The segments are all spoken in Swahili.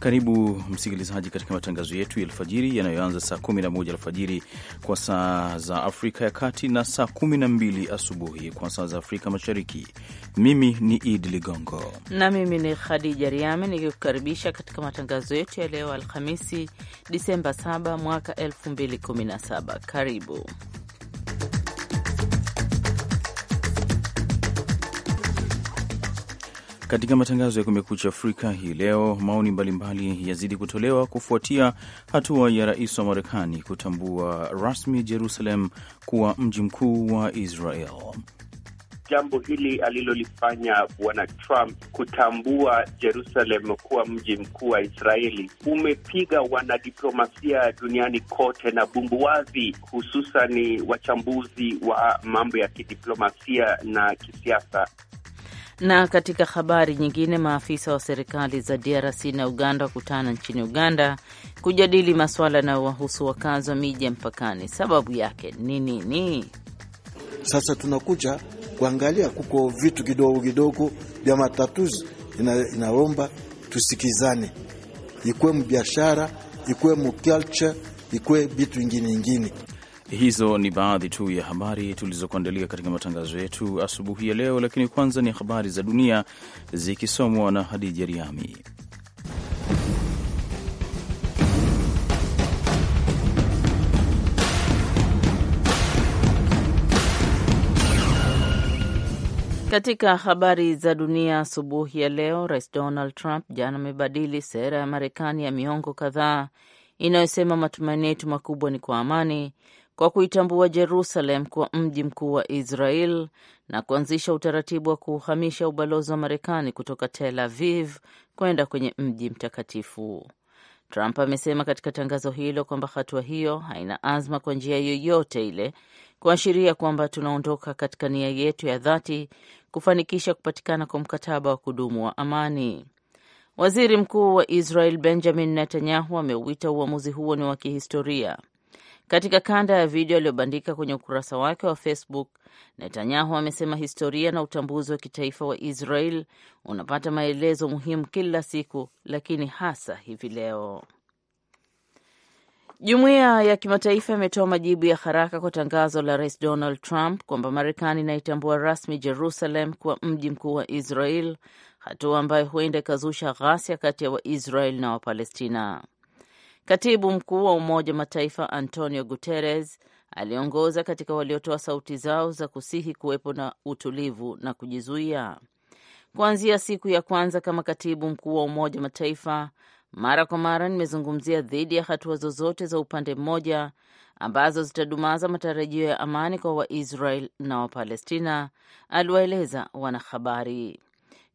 Karibu msikilizaji katika matangazo yetu ya alfajiri yanayoanza saa 11 alfajiri kwa saa za Afrika ya Kati na saa 12 asubuhi kwa saa za Afrika Mashariki. Mimi ni Idi Ligongo na mimi ni Khadija Riami nikikukaribisha katika matangazo yetu ya leo Alhamisi, Disemba 7 mwaka 2017. Karibu Katika matangazo ya Kumekucha Afrika hii leo, maoni mbalimbali yazidi kutolewa kufuatia hatua ya rais wa Marekani kutambua rasmi Jerusalem kuwa mji mkuu wa Israel. Jambo hili alilolifanya Bwana Trump kutambua Jerusalem kuwa mji mkuu wa Israeli umepiga wanadiplomasia duniani kote na bumbuwazi, hususan wachambuzi wa mambo ya kidiplomasia na kisiasa. Na katika habari nyingine, maafisa wa serikali za DRC na Uganda wakutana nchini Uganda kujadili maswala yanayowahusu wakazi wa miji ya mpakani. Sababu yake ni nini? Ni sasa tunakuja kuangalia, kuko vitu kidogo kidogo vya matatuzi ina, inaomba tusikizane, ikwemu biashara ikwemu muculture, ikuwe vitu ingine ingine Hizo ni baadhi tu ya habari tulizokuandalia katika matangazo yetu asubuhi ya leo, lakini kwanza ni habari za dunia zikisomwa na Hadija Riami. Katika habari za dunia asubuhi ya leo, Rais Donald Trump jana amebadili sera ya Marekani ya miongo kadhaa inayosema matumaini yetu makubwa ni kwa amani kwa kuitambua Jerusalem kuwa mji mkuu wa Israel na kuanzisha utaratibu wa kuuhamisha ubalozi wa Marekani kutoka Tel Aviv kwenda kwenye mji mtakatifu. Trump amesema katika tangazo hilo kwamba hatua hiyo haina azma kwa njia yoyote ile kuashiria kwamba tunaondoka katika nia yetu ya dhati kufanikisha kupatikana kwa mkataba wa kudumu wa amani. Waziri Mkuu wa Israel Benjamin Netanyahu ameuita uamuzi huo ni wa kihistoria katika kanda ya video aliyobandika kwenye ukurasa wake wa Facebook, Netanyahu amesema historia na utambuzi wa kitaifa wa Israel unapata maelezo muhimu kila siku, lakini hasa hivi leo. Jumuiya ya kimataifa imetoa majibu ya haraka kwa tangazo la Rais Donald Trump kwamba Marekani inaitambua rasmi Jerusalem kuwa mji mkuu wa Israel, hatua ambayo huenda ikazusha ghasia kati ya Waisrael na Wapalestina. Katibu mkuu wa Umoja Mataifa Antonio Guterres aliongoza katika waliotoa sauti zao za kusihi kuwepo na utulivu na kujizuia. Kuanzia siku ya kwanza kama katibu mkuu wa Umoja Mataifa, mara kwa mara nimezungumzia dhidi ya hatua zozote za upande mmoja ambazo zitadumaza matarajio ya amani kwa Waisrael na Wapalestina, aliwaeleza wanahabari.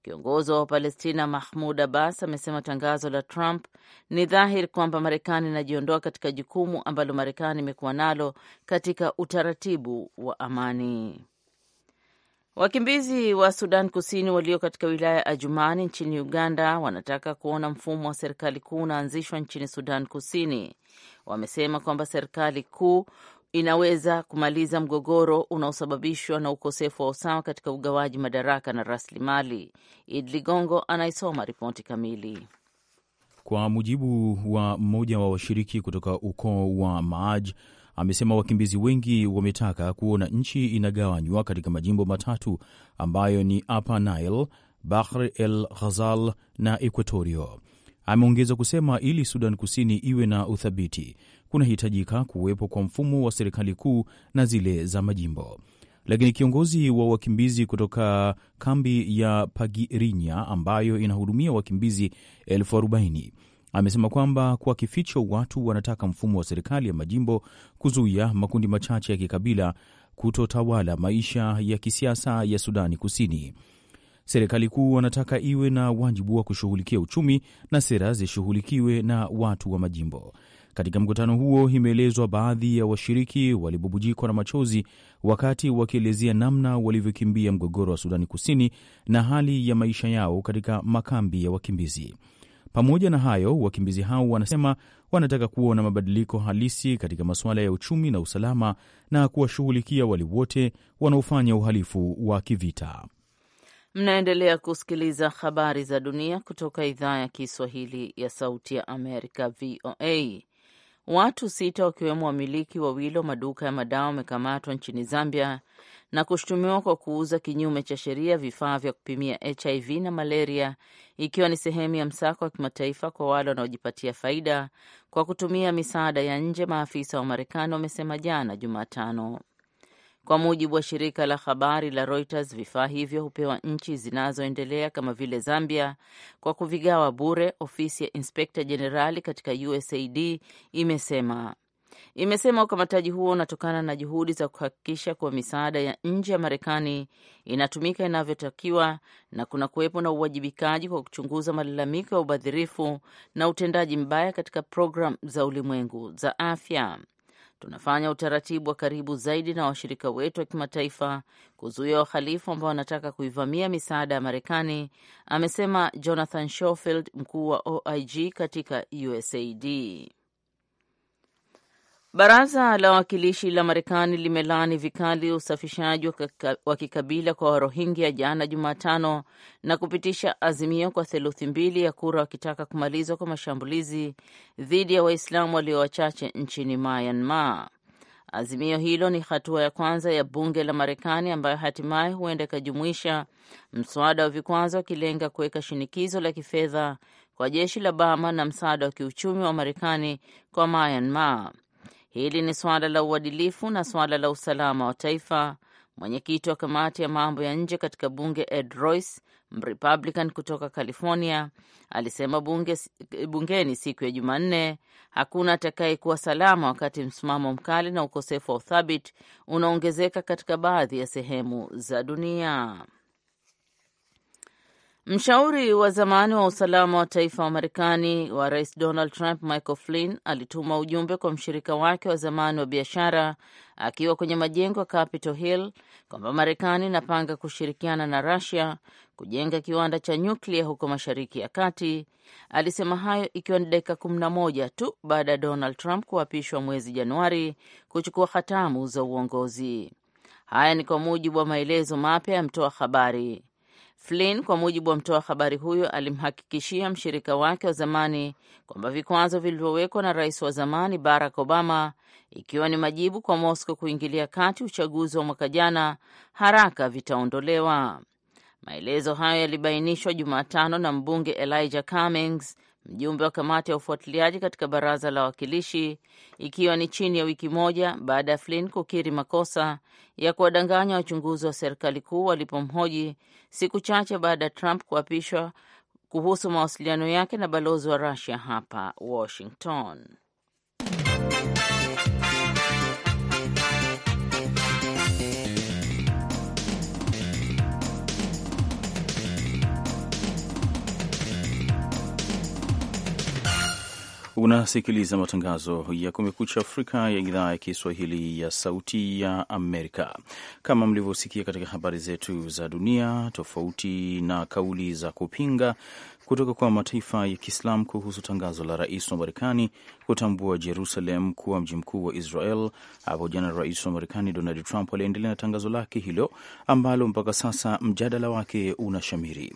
Kiongozi wa Wapalestina Mahmud Abbas amesema tangazo la Trump ni dhahiri kwamba Marekani inajiondoa katika jukumu ambalo Marekani imekuwa nalo katika utaratibu wa amani. Wakimbizi wa Sudan Kusini walio katika wilaya ya Ajumani nchini Uganda wanataka kuona mfumo wa serikali kuu unaanzishwa nchini Sudan Kusini. Wamesema kwamba serikali kuu inaweza kumaliza mgogoro unaosababishwa na ukosefu wa usawa katika ugawaji madaraka na rasilimali. id Ligongo anaisoma ripoti kamili. Kwa mujibu wa mmoja wa washiriki kutoka ukoo wa Maaj, amesema wakimbizi wengi wametaka kuona nchi inagawanywa katika majimbo matatu ambayo ni Upper Nile, Bahr el Ghazal na Equatorio. Ameongeza kusema ili Sudan Kusini iwe na uthabiti, kunahitajika kuwepo kwa mfumo wa serikali kuu na zile za majimbo. Lakini kiongozi wa wakimbizi kutoka kambi ya Pagirinya ambayo inahudumia wakimbizi elfu arobaini amesema kwamba kwa kificho watu wanataka mfumo wa serikali ya majimbo kuzuia makundi machache ya kikabila kutotawala maisha ya kisiasa ya Sudani Kusini. Serikali kuu wanataka iwe na wajibu wa kushughulikia uchumi na sera zishughulikiwe na watu wa majimbo. Katika mkutano huo, imeelezwa baadhi ya washiriki walibubujikwa na machozi wakati wakielezea namna walivyokimbia mgogoro wa Sudani Kusini na hali ya maisha yao katika makambi ya wakimbizi. Pamoja na hayo, wakimbizi hao wanasema wanataka kuona mabadiliko halisi katika masuala ya uchumi na usalama na kuwashughulikia wale wote wanaofanya uhalifu wa kivita. Mnaendelea kusikiliza habari za dunia kutoka idhaa ya Kiswahili ya Sauti ya Amerika, VOA. Watu sita wakiwemo wamiliki wawili wa maduka ya madawa wamekamatwa nchini Zambia na kushutumiwa kwa kuuza kinyume cha sheria vifaa vya kupimia HIV na malaria, ikiwa ni sehemu ya msako wa kimataifa kwa wale wanaojipatia faida kwa kutumia misaada ya nje, maafisa wa Marekani wamesema jana Jumatano. Kwa mujibu wa shirika la habari la Reuters, vifaa hivyo hupewa nchi zinazoendelea kama vile Zambia kwa kuvigawa bure. Ofisi ya inspekta jenerali katika USAID imesema imesema ukamataji huo unatokana na juhudi za kuhakikisha kuwa misaada ya nje ya Marekani inatumika inavyotakiwa na kuna kuwepo na uwajibikaji kwa kuchunguza malalamiko ya ubadhirifu na utendaji mbaya katika programu za ulimwengu za afya tunafanya utaratibu wa karibu zaidi na washirika wetu wa kimataifa kuzuia wahalifu ambao wanataka kuivamia misaada ya Marekani, amesema Jonathan Schofield, mkuu wa OIG katika USAID. Baraza la Wawakilishi la Marekani limelaani vikali usafishaji wa kikabila kwa Warohingya jana Jumatano na kupitisha azimio kwa theluthi mbili ya kura wakitaka kumalizwa kwa mashambulizi dhidi ya Waislamu walio wachache nchini Myanmar. Azimio hilo ni hatua ya kwanza ya bunge la Marekani ambayo hatimaye huenda ikajumuisha mswada wa vikwazo akilenga kuweka shinikizo la kifedha kwa jeshi la bama na msaada wa kiuchumi wa Marekani kwa Myanmar. Hili ni suala la uadilifu na suala la usalama wa taifa. Mwenyekiti wa kamati ya mambo ya nje katika bunge Ed Royce, Mrepublican kutoka California, alisema bunge, bungeni siku ya Jumanne, hakuna atakayekuwa salama wakati msimamo mkali na ukosefu wa uthabiti unaongezeka katika baadhi ya sehemu za dunia. Mshauri wa zamani wa usalama wa taifa wa Marekani wa rais Donald Trump, Michael Flynn, alituma ujumbe kwa mshirika wake wa zamani wa biashara akiwa kwenye majengo ya Capitol Hill kwamba Marekani inapanga kushirikiana na rusia kujenga kiwanda cha nyuklia huko Mashariki ya Kati. Alisema hayo ikiwa ni dakika kumi na moja tu baada ya Donald Trump kuapishwa mwezi Januari kuchukua hatamu za uongozi. Haya ni kwa mujibu wa maelezo mapya ya mtoa habari. Flynn, kwa mujibu wa mtoa habari huyo, alimhakikishia mshirika wake wa zamani kwamba vikwazo vilivyowekwa na rais wa zamani Barack Obama, ikiwa ni majibu kwa Moscow kuingilia kati uchaguzi wa mwaka jana, haraka vitaondolewa. Maelezo hayo yalibainishwa Jumatano na mbunge Elijah Cummings mjumbe wa kamati ya ufuatiliaji katika baraza la wawakilishi, ikiwa ni chini ya wiki moja baada ya Flynn kukiri makosa ya kuwadanganya wachunguzi wa serikali kuu walipomhoji siku chache baada ya Trump kuapishwa kuhusu mawasiliano yake na balozi wa Russia hapa Washington. Unasikiliza matangazo ya Kumekucha Afrika ya idhaa ya Kiswahili ya Sauti ya Amerika. Kama mlivyosikia katika habari zetu za dunia, tofauti na kauli za kupinga kutoka kwa mataifa ya Kiislam kuhusu tangazo la rais wa Marekani kutambua Jerusalem kuwa mji mkuu wa Israel, hapo jana rais wa Marekani Donald Trump aliendelea na tangazo lake hilo ambalo mpaka sasa mjadala wake unashamiri.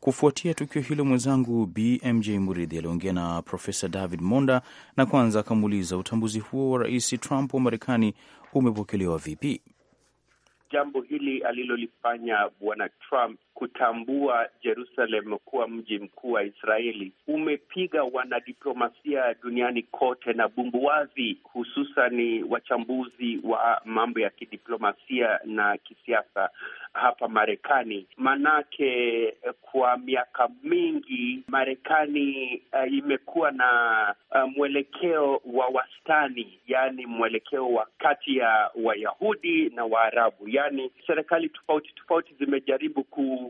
Kufuatia tukio hilo, mwenzangu BMJ Muridhi aliongea na Profesa David Monda na kwanza akamuuliza utambuzi huo wa Rais Trump wa Marekani umepokelewa vipi? Jambo hili alilolifanya Bwana Trump kutambua Jerusalem kuwa mji mkuu wa Israeli umepiga wanadiplomasia duniani kote na bumbuwazi, hususan wachambuzi wa mambo ya kidiplomasia na kisiasa hapa Marekani. Manake kwa miaka mingi Marekani uh, imekuwa na uh, mwelekeo wa wastani, yaani mwelekeo wa kati ya Wayahudi na Waarabu, yaani serikali tofauti tofauti zimejaribu ku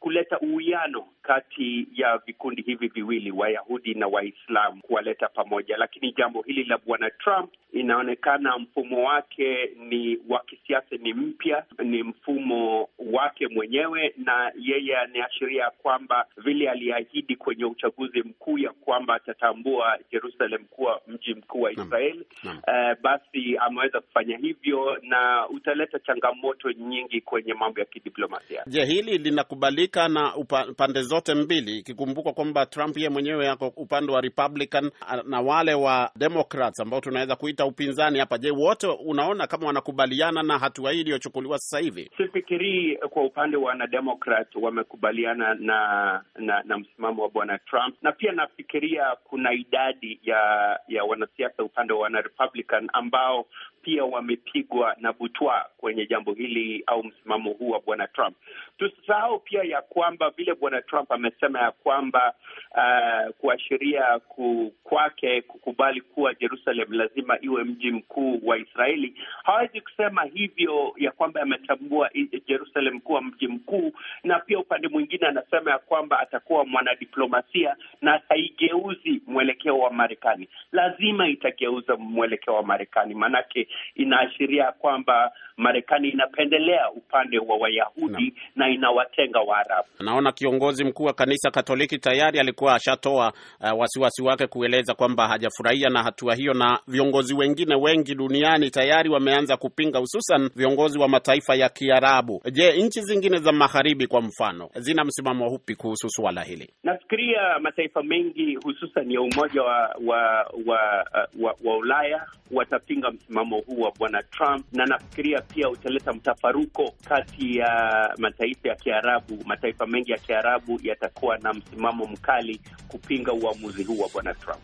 kuleta uwiano kati ya vikundi hivi viwili, Wayahudi na Waislamu, kuwaleta pamoja. Lakini jambo hili la bwana Trump, inaonekana mfumo wake ni wa kisiasa, ni mpya, ni mfumo wake mwenyewe, na yeye anaashiria kwamba vile aliahidi kwenye uchaguzi mkuu ya kwamba atatambua Jerusalem kuwa mji mkuu wa Israeli, uh, eh, basi ameweza kufanya hivyo na utaleta changamoto nyingi kwenye mambo ya kidiplomasia. Je, hili linakubali Amerika na upa, pande zote mbili, ikikumbukwa kwamba Trump yeye mwenyewe yako upande wa Republican na wale wa Democrats ambao tunaweza kuita upinzani hapa. Je, wote unaona kama wanakubaliana na hatua hii iliyochukuliwa sasa hivi? Sifikirii kwa upande wa wanademokrat wamekubaliana na na, na msimamo wa bwana Trump, na pia nafikiria kuna idadi ya ya wanasiasa upande wa wanarepublican ambao pia wamepigwa na butwa kwenye jambo hili au msimamo huu wa bwana Trump. Tusisahau pia ya kwamba vile bwana Trump amesema ya kwamba uh, kuashiria ku, kwake kukubali kuwa Jerusalem lazima iwe mji mkuu wa Israeli, hawezi kusema hivyo ya kwamba ametambua Jerusalem kuwa mji mkuu, na pia upande mwingine anasema ya kwamba atakuwa mwanadiplomasia na ataigeuzi mwelekeo wa Marekani. Lazima itageuza mwelekeo wa Marekani, maanake inaashiria kwamba Marekani inapendelea upande wa Wayahudi na, na inawatenga Waarabu. Naona kiongozi mkuu wa kanisa Katoliki tayari alikuwa ashatoa uh, wasiwasi wake kueleza kwamba hajafurahia na hatua hiyo, na viongozi wengine wengi duniani tayari wameanza kupinga, hususan viongozi wa mataifa ya Kiarabu. Je, nchi zingine za magharibi kwa mfano zina msimamo upi kuhusu suala hili? Nafikiria mataifa mengi hususan ya Umoja wa wa wa, uh, wa, wa Ulaya watapinga msimamo huu wa bwana Trump, na nafikiria pia utaleta mtafaruko kati ya mataifa ya Kiarabu. Mataifa mengi ya Kiarabu yatakuwa na msimamo mkali kupinga uamuzi huu wa bwana Trump.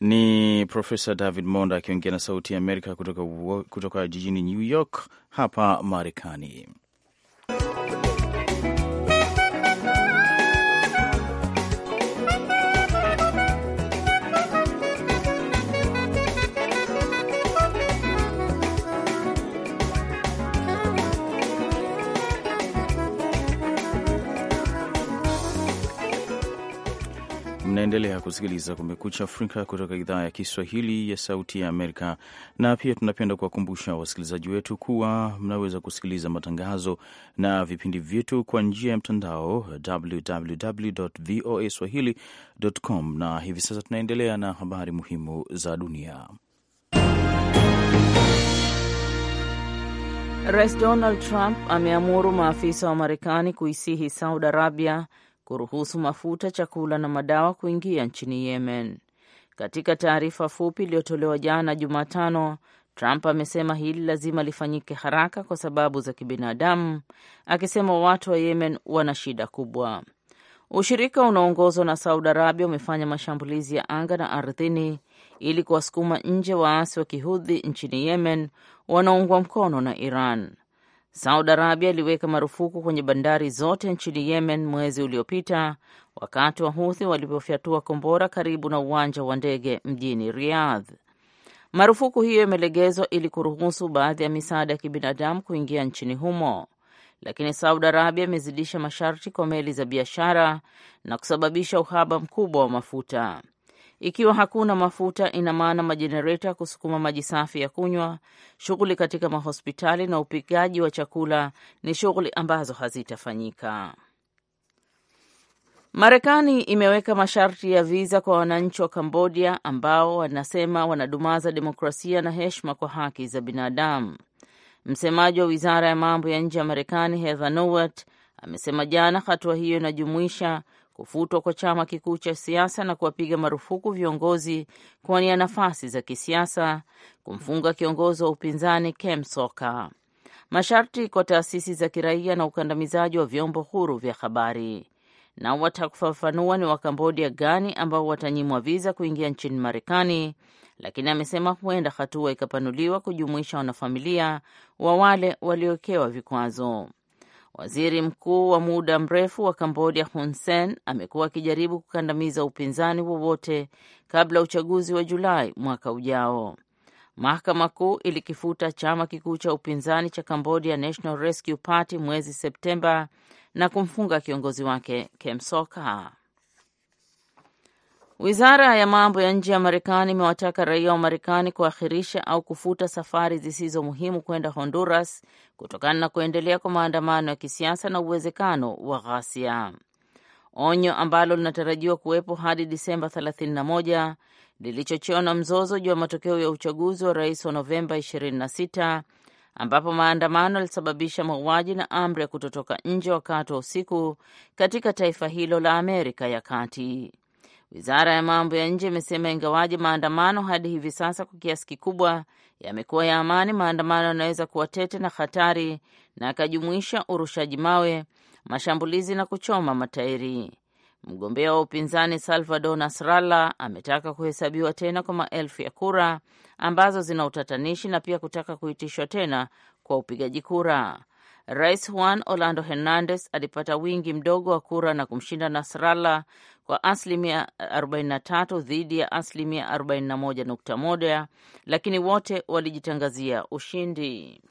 Ni Profesa David Monda akiongea na Sauti ya Amerika kutoka, kutoka jijini New York hapa Marekani. Mnaendelea kusikiliza Kumekucha Afrika kutoka idhaa ya Kiswahili ya Sauti ya Amerika, na pia tunapenda kuwakumbusha wasikilizaji wetu kuwa mnaweza kusikiliza matangazo na vipindi vyetu kwa njia ya mtandao www.voaswahili.com, na hivi sasa tunaendelea na habari muhimu za dunia. Rais Donald Trump ameamuru maafisa wa Marekani kuisihi Saudi Arabia kuruhusu mafuta, chakula na madawa kuingia nchini Yemen. Katika taarifa fupi iliyotolewa jana Jumatano, Trump amesema hili lazima lifanyike haraka kwa sababu za kibinadamu, akisema watu wa Yemen wana shida kubwa. Ushirika unaoongozwa na Saudi Arabia umefanya mashambulizi ya anga na ardhini ili kuwasukuma nje waasi wa kihudhi nchini Yemen wanaoungwa mkono na Iran. Saudi Arabia iliweka marufuku kwenye bandari zote nchini Yemen mwezi uliopita wakati Wahuthi walipofyatua kombora karibu na uwanja wa ndege mjini Riyadh. Marufuku hiyo imelegezwa ili kuruhusu baadhi ya misaada ya kibinadamu kuingia nchini humo, lakini Saudi Arabia imezidisha masharti kwa meli za biashara na kusababisha uhaba mkubwa wa mafuta. Ikiwa hakuna mafuta, ina maana majenereta kusukuma maji safi ya kunywa, shughuli katika mahospitali na upigaji wa chakula ni shughuli ambazo hazitafanyika. Marekani imeweka masharti ya viza kwa wananchi wa Kambodia ambao wanasema wanadumaza demokrasia na heshima kwa haki za binadamu. Msemaji wa wizara ya mambo ya nje ya Marekani Heather Nauert amesema jana hatua hiyo inajumuisha kufutwa kwa chama kikuu cha siasa na kuwapiga marufuku viongozi kuwania nafasi za kisiasa, kumfunga kiongozi wa upinzani Kem soka masharti kwa taasisi za kiraia na ukandamizaji wa vyombo huru vya habari. Nao watakufafanua ni Wakambodia gani ambao watanyimwa viza kuingia nchini Marekani, lakini amesema huenda hatua ikapanuliwa kujumuisha wanafamilia wa wale waliowekewa vikwazo. Waziri mkuu wa muda mrefu wa Kambodia Hun Sen amekuwa akijaribu kukandamiza upinzani wowote kabla ya uchaguzi wa Julai mwaka ujao. Mahakama Kuu ilikifuta chama kikuu cha upinzani cha Cambodia National Rescue Party mwezi Septemba na kumfunga kiongozi wake Kem Sokha. Wizara ya mambo ya nje ya Marekani imewataka raia wa Marekani kuahirisha au kufuta safari zisizo muhimu kwenda Honduras kutokana na kuendelea kwa maandamano ya kisiasa na uwezekano wa ghasia. Onyo ambalo linatarajiwa kuwepo hadi Disemba 31 lilichochewa na mzozo juu ya matokeo ya uchaguzi wa rais wa Novemba 26 ambapo maandamano yalisababisha mauaji na amri ya kutotoka nje wakati wa usiku katika taifa hilo la Amerika ya Kati. Wizara ya mambo ya nje imesema ingawaje maandamano hadi hivi sasa kwa kiasi kikubwa yamekuwa ya amani, maandamano yanaweza kuwa tete na hatari na akajumuisha urushaji mawe, mashambulizi na kuchoma matairi. Mgombea wa upinzani Salvador Nasralla ametaka kuhesabiwa tena kwa maelfu ya kura ambazo zina utatanishi na pia kutaka kuitishwa tena kwa upigaji kura. Rais Juan Orlando Hernandez alipata wingi mdogo wa kura na kumshinda nasralla kwa asilimia 43 dhidi ya asilimia 41.1, lakini wote walijitangazia ushindi.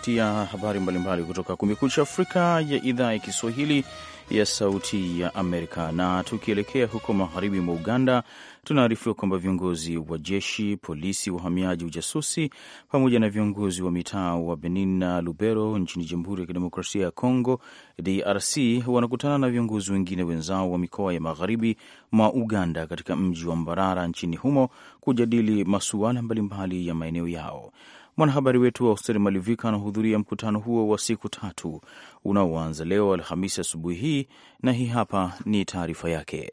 kukupatia habari mbalimbali kutoka Kumekucha Afrika ya idhaa ya Kiswahili ya Sauti ya Amerika. Na tukielekea huko magharibi mwa Uganda, tunaarifiwa kwamba viongozi wa jeshi, polisi, wahamiaji, ujasusi pamoja na viongozi wa mitaa wa Benin na Lubero nchini Jamhuri ya Kidemokrasia ya Kongo, DRC, wanakutana na viongozi wengine wenzao wa mikoa ya magharibi mwa Uganda katika mji wa Mbarara nchini humo kujadili masuala mbalimbali ya maeneo yao. Mwanahabari wetu wa Austeri Malivika anahudhuria mkutano huo wa siku tatu unaoanza leo Alhamisi asubuhi hii, na hii hapa ni taarifa yake.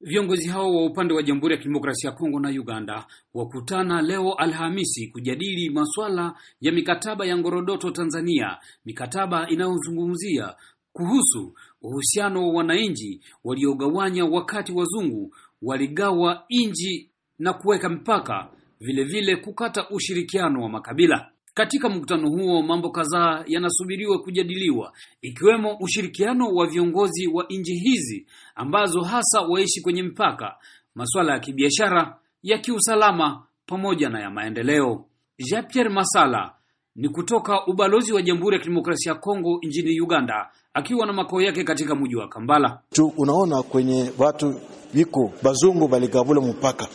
Viongozi hao wa upande wa Jamhuri ya Kidemokrasia ya Kongo na Uganda wakutana leo Alhamisi kujadili masuala ya mikataba ya Ngorodoto Tanzania, mikataba inayozungumzia kuhusu uhusiano wa wananchi waliogawanya wakati wazungu waligawa nchi na kuweka mpaka vile vile kukata ushirikiano wa makabila. Katika mkutano huo mambo kadhaa yanasubiriwa kujadiliwa ikiwemo ushirikiano wa viongozi wa nchi hizi ambazo hasa waishi kwenye mpaka masuala ya kibiashara, ya kiusalama pamoja na ya maendeleo. Jean Pierre Masala ni kutoka ubalozi wa Jamhuri ya Kidemokrasia ya Kongo nchini Uganda akiwa na makao yake katika mji wa Kampala. Tu unaona kwenye watu viko bazungu balikavula mpaka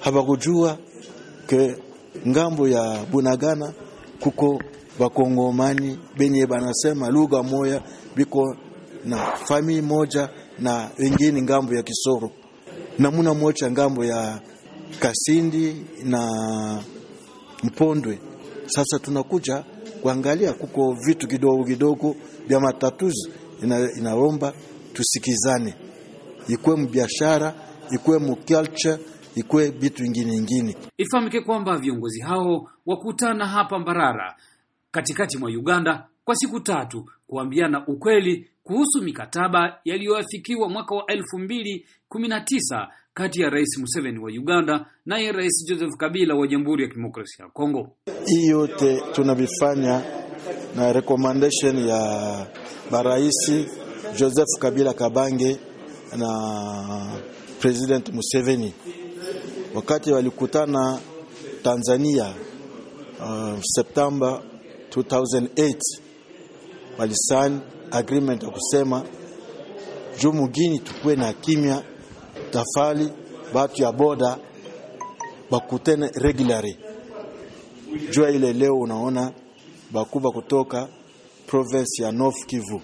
havakujua ke ngambo ya Bunagana kuko bakongomani benye banasema lugha moya biko na famii moja na wengine ngambo ya Kisoro na muna mocha ngambo ya Kasindi na Mpondwe. Sasa tunakuja kuangalia kuko vitu kidogo kidogo vya matatuzi ina, inaomba tusikizane, ikwe biashara, ikwe mu culture ikuwe vitu ingine ingine. Ifahamike kwamba viongozi hao wakutana hapa Mbarara katikati mwa Uganda kwa siku tatu kuambiana ukweli kuhusu mikataba yaliyoafikiwa mwaka wa elfu mbili kumi na tisa kati ya Rais Museveni wa Uganda naye Rais Joseph Kabila wa Jamhuri ya Kidemokrasia ya Kongo. Hii yote tunavifanya na recommendation ya baraisi Joseph Kabila Kabange na President Museveni wakati walikutana Tanzania uh, Septemba 2008 walisign agreement ya kusema juu mugini tukuwe na kimya tafali batu ya boda bakutene regularly. jua ile. Leo unaona bakuba kutoka province ya North Kivu,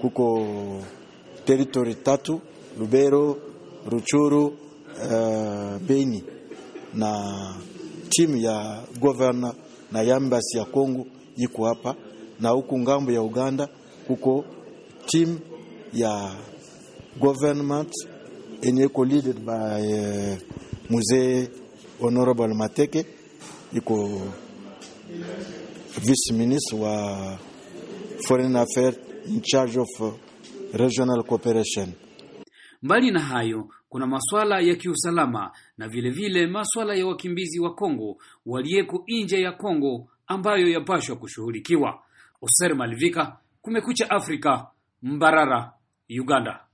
kuko territory tatu Lubero, Ruchuru Eh, Beni na timu ya governor na yambasi ya Kongo iko hapa, na huku ngambo ya Uganda kuko timu ya government yenye iko leaded by uh, mzee Honorable Mateke iko vice minister wa foreign affairs in charge of regional cooperation. Mbali na hayo, kuna masuala ya kiusalama na vilevile vile masuala ya wakimbizi wa Kongo waliyeko nje ya Kongo ambayo yapashwa kushughulikiwa. Oser Malivika, Kumekucha Afrika, Mbarara, Uganda.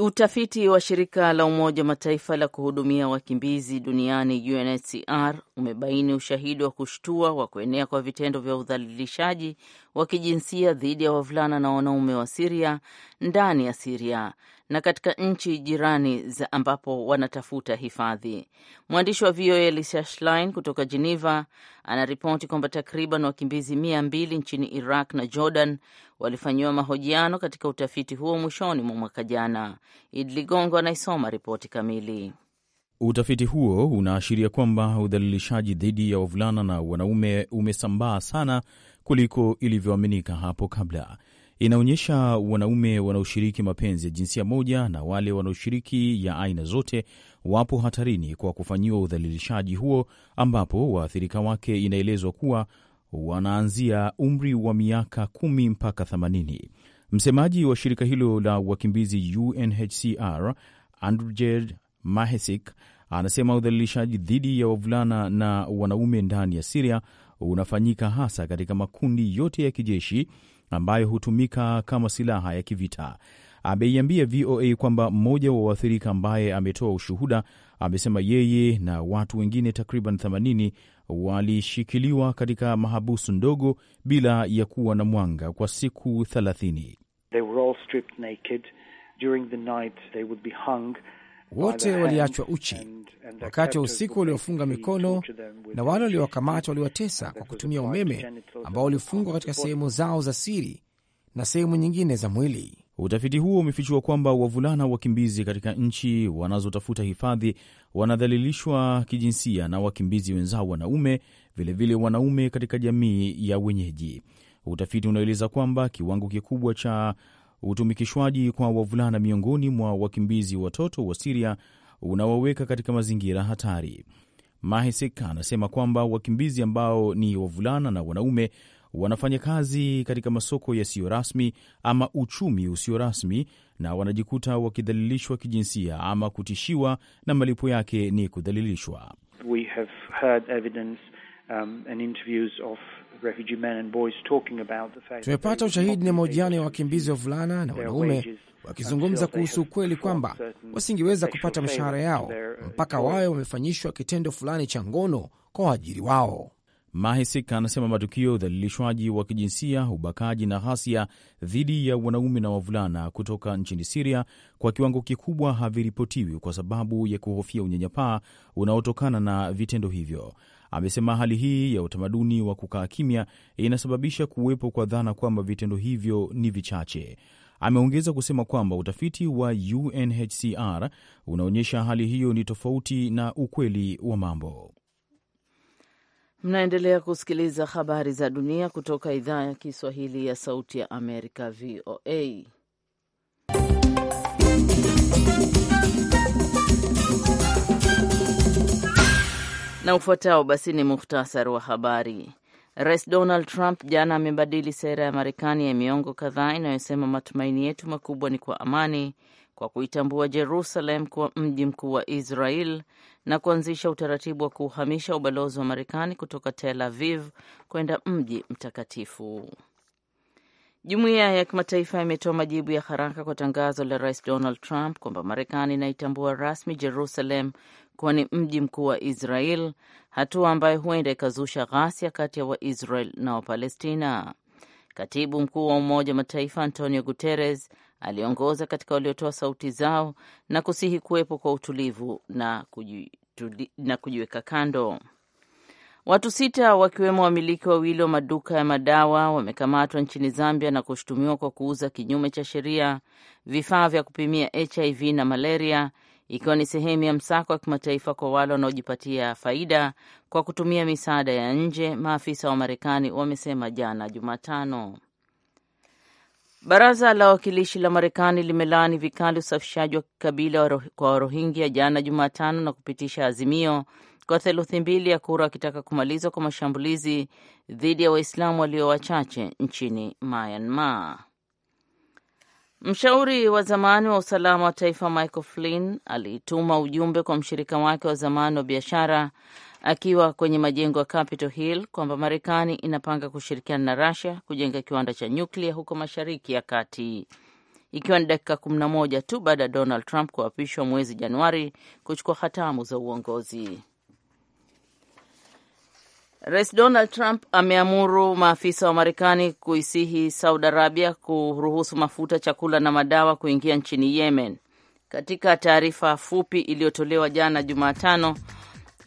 Utafiti wa shirika la Umoja wa Mataifa la kuhudumia wakimbizi duniani UNHCR umebaini ushahidi wa kushtua wa kuenea kwa vitendo vya udhalilishaji wa kijinsia dhidi ya wavulana na wanaume wa Siria ndani ya Siria na katika nchi jirani za ambapo wanatafuta hifadhi. Mwandishi wa VOA Lisa Schlein kutoka Geneva anaripoti kwamba takriban wakimbizi mia mbili nchini Iraq na Jordan walifanyiwa mahojiano katika utafiti huo mwishoni mwa mwaka jana. Id Ligongo anaisoma ripoti kamili. Utafiti huo unaashiria kwamba udhalilishaji dhidi ya wavulana na wanaume umesambaa sana kuliko ilivyoaminika hapo kabla inaonyesha wanaume wanaoshiriki mapenzi ya jinsia moja na wale wanaoshiriki ya aina zote wapo hatarini kwa kufanyiwa udhalilishaji huo, ambapo waathirika wake inaelezwa kuwa wanaanzia umri wa miaka kumi mpaka themanini. Msemaji wa shirika hilo la wakimbizi UNHCR Andrej Mahesik anasema udhalilishaji dhidi ya wavulana na wanaume ndani ya Siria unafanyika hasa katika makundi yote ya kijeshi ambayo hutumika kama silaha ya kivita. Ameiambia VOA kwamba mmoja wa waathirika ambaye ametoa ushuhuda amesema yeye na watu wengine takriban 80 walishikiliwa katika mahabusu ndogo bila ya kuwa na mwanga kwa siku 30 wote waliachwa uchi wakati wa usiku, waliofunga mikono na wale waliowakamata waliwatesa kwa kutumia umeme ambao walifungwa katika sehemu zao za siri na sehemu nyingine za mwili. Utafiti huo umefichua kwamba wavulana wakimbizi katika nchi wanazotafuta hifadhi wanadhalilishwa kijinsia na wakimbizi wenzao wanaume, vilevile vile wanaume katika jamii ya wenyeji. Utafiti unaeleza kwamba kiwango kikubwa cha utumikishwaji kwa wavulana miongoni mwa wakimbizi watoto wa Siria unawaweka katika mazingira hatari. Mahisik anasema kwamba wakimbizi ambao ni wavulana na wanaume wanafanya kazi katika masoko yasiyo rasmi ama uchumi usio rasmi, na wanajikuta wakidhalilishwa kijinsia ama kutishiwa, na malipo yake ni kudhalilishwa. We have heard evidence, um, and interviews of Tumepata ushahidi na mahojiano ya wakimbizi wa vulana na wanaume wakizungumza kuhusu ukweli kwamba wasingeweza kupata mishahara yao mpaka wawe wamefanyishwa kitendo fulani cha ngono kwa waajiri wao. Mahisika anasema matukio ya udhalilishwaji wa kijinsia, ubakaji na ghasia dhidi ya wanaume na wavulana kutoka nchini Siria kwa kiwango kikubwa haviripotiwi kwa sababu ya kuhofia unyanyapaa unaotokana na vitendo hivyo. Amesema hali hii ya utamaduni wa kukaa kimya inasababisha kuwepo kwa dhana kwamba vitendo hivyo ni vichache. Ameongeza kusema kwamba utafiti wa UNHCR unaonyesha hali hiyo ni tofauti na ukweli wa mambo. Mnaendelea kusikiliza habari za dunia kutoka idhaa ya Kiswahili ya Sauti ya Amerika, VOA. na ufuatao basi ni muhtasari wa habari. Rais Donald Trump jana amebadili sera ya Marekani ya miongo kadhaa inayosema matumaini yetu makubwa ni kwa amani, kwa kuitambua Jerusalem kuwa mji mkuu wa Israel na kuanzisha utaratibu wa kuuhamisha ubalozi wa Marekani kutoka Tel Aviv kwenda mji mtakatifu. Jumuiya ya kimataifa imetoa majibu ya haraka kwa tangazo la Rais Donald Trump kwamba Marekani inaitambua rasmi Jerusalem kwani mji mkuu wa Israel, hatua ambayo huenda ikazusha ghasia kati ya Waisrael na Wapalestina. Katibu mkuu wa Umoja wa Mataifa Antonio Guterres aliongoza katika waliotoa sauti zao na kusihi kuwepo kwa utulivu na, kujituli, na kujiweka kando. Watu sita wakiwemo wamiliki wawili wa maduka ya madawa wamekamatwa nchini Zambia na kushutumiwa kwa kuuza kinyume cha sheria vifaa vya kupimia HIV na malaria ikiwa ni sehemu ya msako wa kimataifa kwa wale wanaojipatia faida kwa kutumia misaada ya nje, maafisa wa Marekani wamesema jana Jumatano. Baraza la Wawakilishi la Marekani limelaani vikali usafishaji wa kikabila kwa Warohingya jana Jumatano na kupitisha azimio kwa theluthi mbili ya kura wakitaka kumalizwa kwa mashambulizi dhidi ya Waislamu walio wachache nchini Myanmar. Mshauri wa zamani wa usalama wa taifa Michael Flynn aliituma ujumbe kwa mshirika wake wa zamani wa biashara akiwa kwenye majengo ya Capitol Hill kwamba Marekani inapanga kushirikiana na Russia kujenga kiwanda cha nyuklia huko Mashariki ya Kati, ikiwa ni dakika kumi na moja tu baada ya Donald Trump kuapishwa mwezi Januari kuchukua hatamu za uongozi. Rais Donald Trump ameamuru maafisa wa Marekani kuisihi Saudi Arabia kuruhusu mafuta, chakula na madawa kuingia nchini Yemen. Katika taarifa fupi iliyotolewa jana Jumatano,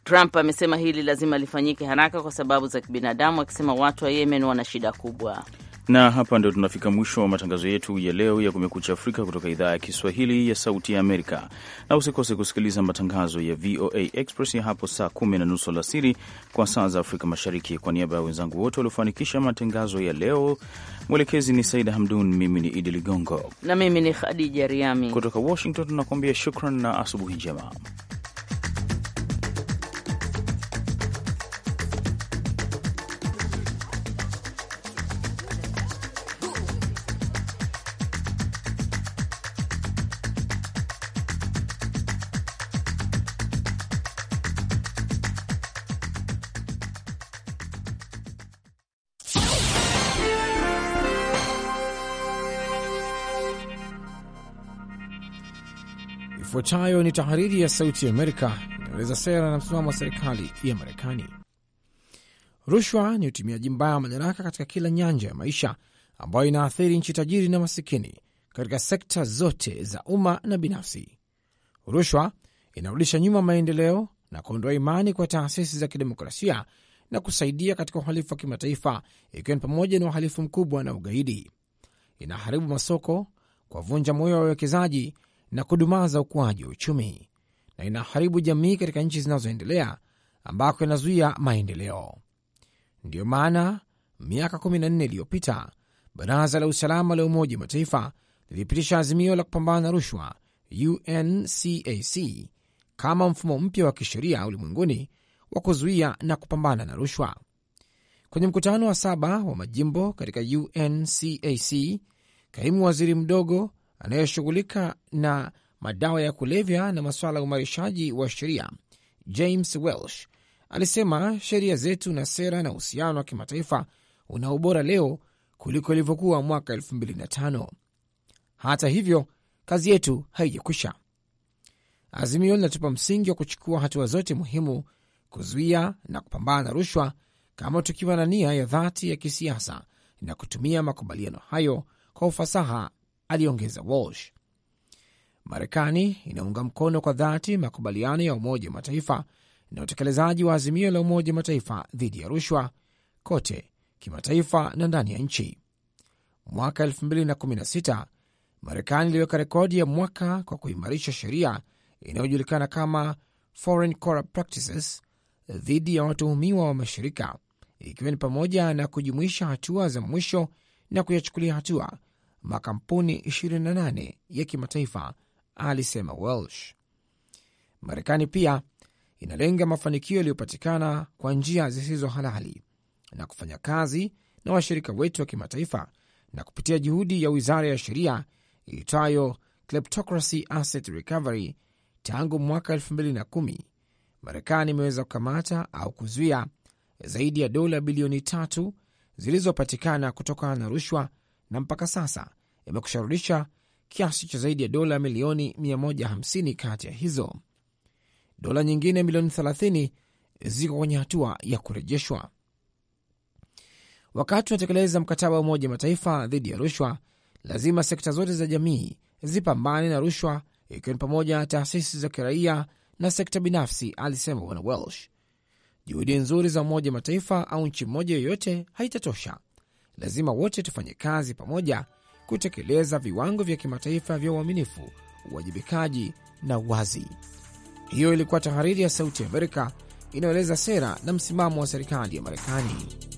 Trump amesema hili lazima lifanyike haraka kwa sababu za kibinadamu, akisema watu wa Yemen wana shida kubwa. Na hapa ndio tunafika mwisho wa matangazo yetu ya leo ya Kumekucha Afrika kutoka idhaa ya Kiswahili ya Sauti ya Amerika, na usikose kusikiliza matangazo ya VOA Express ya hapo saa kumi na nusu alasiri kwa saa za Afrika Mashariki. Kwa niaba ya wenzangu wote waliofanikisha matangazo ya leo, mwelekezi ni Saida Hamdun, mimi ni Idi Ligongo na mimi ni Khadija Riami kutoka Washington, tunakuambia shukran na asubuhi njema. Ifuatayo ni tahariri ya Sauti ya Amerika inaeleza sera na msimamo wa serikali ya Marekani. Rushwa ni utumiaji mbaya wa madaraka katika kila nyanja ya maisha ambayo inaathiri nchi tajiri na masikini katika sekta zote za umma na binafsi. Rushwa inarudisha nyuma maendeleo na kuondoa imani kwa taasisi za kidemokrasia na kusaidia katika uhalifu wa kimataifa, ikiwa ni pamoja na uhalifu mkubwa na ugaidi. Inaharibu masoko, kuwavunja moyo wa wawekezaji na kudumaza ukuaji wa uchumi na inaharibu jamii katika nchi zinazoendelea ambako inazuia maendeleo. Ndiyo maana miaka 14 iliyopita Baraza la Usalama la Umoja wa Mataifa lilipitisha azimio la kupambana na rushwa UNCAC kama mfumo mpya wa kisheria ulimwenguni wa kuzuia na kupambana na rushwa. Kwenye mkutano wa saba wa majimbo katika UNCAC, kaimu waziri mdogo anayeshughulika na madawa ya kulevya na masuala ya umarishaji wa sheria James Welsh alisema sheria zetu na sera na uhusiano wa kimataifa una ubora leo kuliko ilivyokuwa mwaka 2005. Hata hivyo, kazi yetu haijakwisha. Azimio linatupa msingi wa kuchukua hatua zote muhimu kuzuia na kupambana na rushwa, kama tukiwa na nia ya dhati ya kisiasa na kutumia makubaliano hayo kwa ufasaha aliongeza Walsh. Marekani inaunga mkono kwa dhati makubaliano ya Umoja wa Mataifa na utekelezaji wa azimio la Umoja wa Mataifa dhidi ya rushwa kote kimataifa na ndani ya nchi. Mwaka 2016 Marekani iliweka rekodi ya mwaka kwa kuimarisha sheria inayojulikana kama Foreign Corrupt Practices dhidi ya watuhumiwa wa mashirika, ikiwa ni pamoja na kujumuisha hatua za mwisho na kuyachukulia hatua makampuni 28 ya kimataifa, alisema Welsh. Marekani pia inalenga mafanikio yaliyopatikana kwa njia zisizo halali na kufanya kazi na washirika wetu wa kimataifa na kupitia juhudi ya wizara ya sheria iitwayo Kleptocracy Asset Recovery. Tangu mwaka 2010 Marekani imeweza kukamata au kuzuia zaidi ya dola bilioni tatu zilizopatikana kutokana na rushwa na mpaka sasa imekusharudisha kiasi cha zaidi ya dola milioni 150. Kati ya hizo dola nyingine milioni 30 ziko kwenye hatua ya kurejeshwa. Wakati unatekeleza mkataba wa Umoja Mataifa dhidi ya rushwa, lazima sekta zote za jamii zipambane na rushwa, ikiwa ni pamoja na taasisi za kiraia na sekta binafsi, alisema Bwana Welsh. Juhudi nzuri za Umoja Mataifa au nchi moja yoyote haitatosha lazima wote tufanye kazi pamoja kutekeleza viwango vya kimataifa vya uaminifu, uwajibikaji na uwazi. Hiyo ilikuwa tahariri ya Sauti ya Amerika inayoeleza sera na msimamo wa serikali ya Marekani.